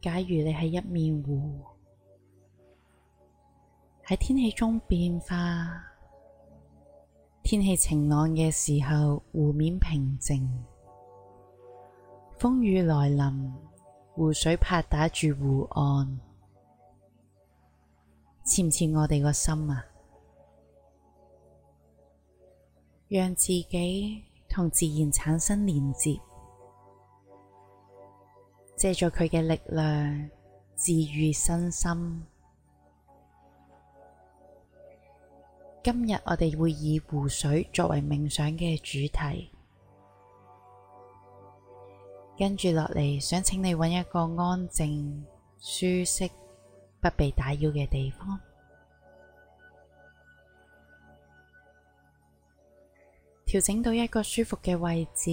假如你係一面湖，喺天氣中變化。天氣晴朗嘅時候，湖面平靜；風雨來臨，湖水拍打住湖岸。似唔似我哋個心啊？讓自己同自然產生連接。借助佢嘅力量，治癒身心。今日我哋會以湖水作為冥想嘅主題，跟住落嚟，想請你揾一個安靜、舒適、不被打擾嘅地方，調整到一個舒服嘅位置，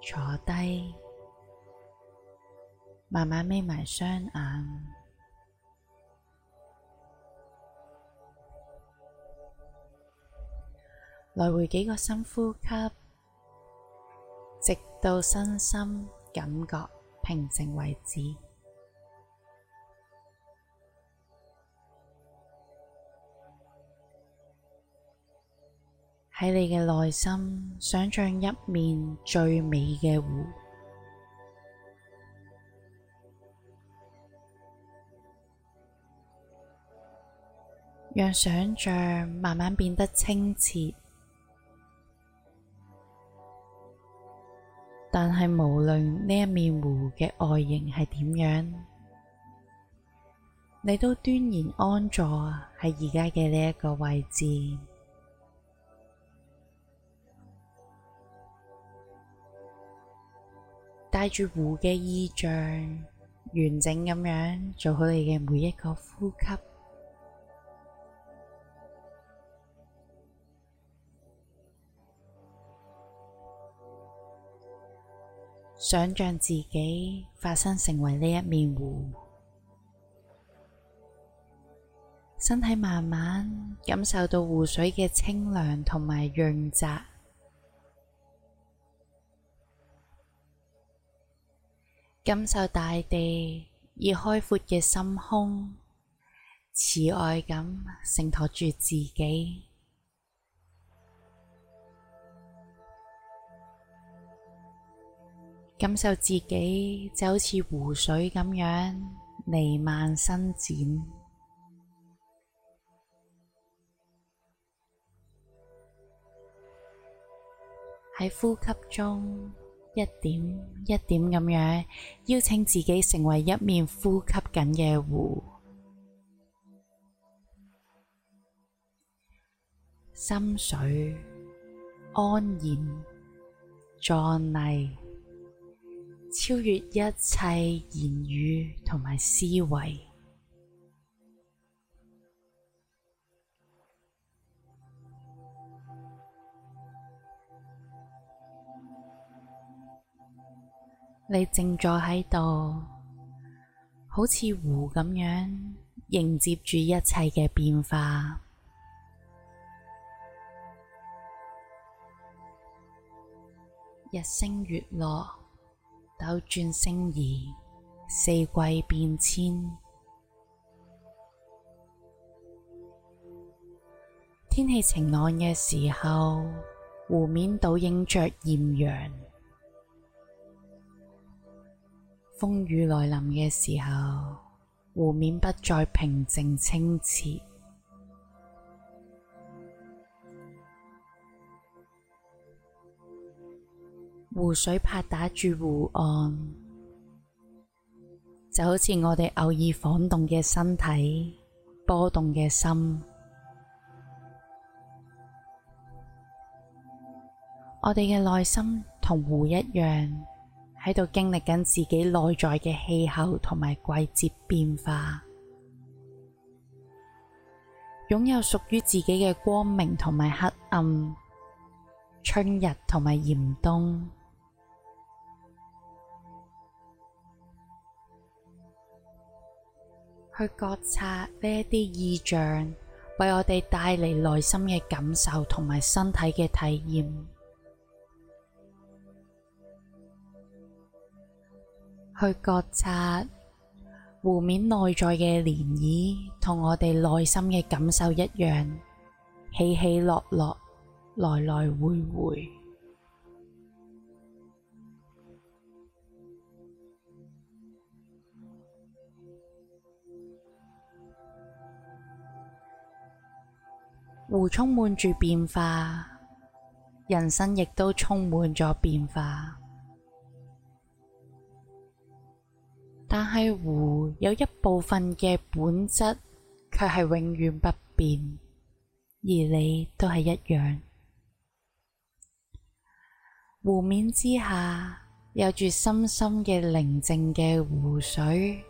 坐低。慢慢眯埋雙眼，來回幾個深呼吸，直到身心感覺平靜為止。喺你嘅內心，想象一面最美嘅湖。讓想象慢慢變得清澈，但係無論呢一面湖嘅外形係點樣，你都端然安坐喺而家嘅呢一個位置，帶住湖嘅意象，完整咁樣做好你嘅每一個呼吸。想象自己化身成為呢一面湖，身體慢慢感受到湖水嘅清涼同埋潤澤，感受大地以開闊嘅心胸，慈愛咁承托住自己。感受自己就好似湖水咁樣彌漫伸展，喺呼吸中一點一點咁樣邀請自己成為一面呼吸緊嘅湖，心水安然壯麗。壯麗超越一切言語同埋思維，你靜坐喺度，好似湖噉樣迎接住一切嘅變化，日升月落。斗轉星移，四季變遷。天氣晴朗嘅時候，湖面倒映着艷陽；風雨來臨嘅時候，湖面不再平靜清澈。湖水拍打住湖岸，就好似我哋偶爾晃動嘅身體，波動嘅心。我哋嘅內心同湖一樣，喺度經歷緊自己內在嘅氣候同埋季節變化，擁有屬於自己嘅光明同埋黑暗，春日同埋嚴冬。去覺察呢一啲意象，為我哋帶嚟內心嘅感受同埋身體嘅體驗。去覺察湖面內在嘅漣漪，同我哋內心嘅感受一樣，起起落落，來來回回。湖充滿住變化，人生亦都充滿咗變化。但係湖有一部分嘅本質，卻係永遠不變。而你都係一樣。湖面之下，有住深深嘅寧靜嘅湖水。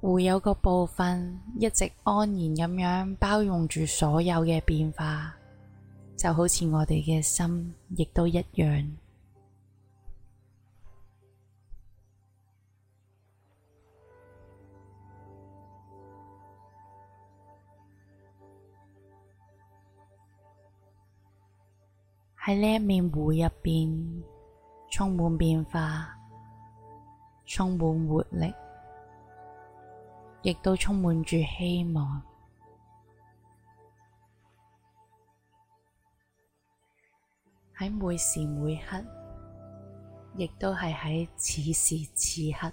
湖有個部分一直安然咁樣包容住所有嘅變化，就好似我哋嘅心亦都一樣。喺呢一面湖入邊，充滿變化，充滿活力。亦都充滿住希望，喺每時每刻，亦都係喺此時此刻。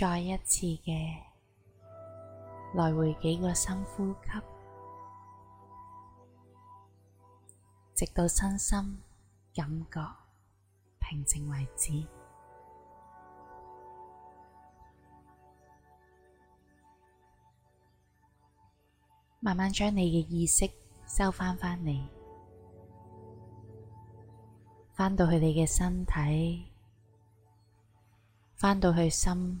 再一次嘅，來回幾個深呼吸，直到身心感覺平靜為止。慢慢將你嘅意識收翻返嚟，返到去你嘅身體，返到去心。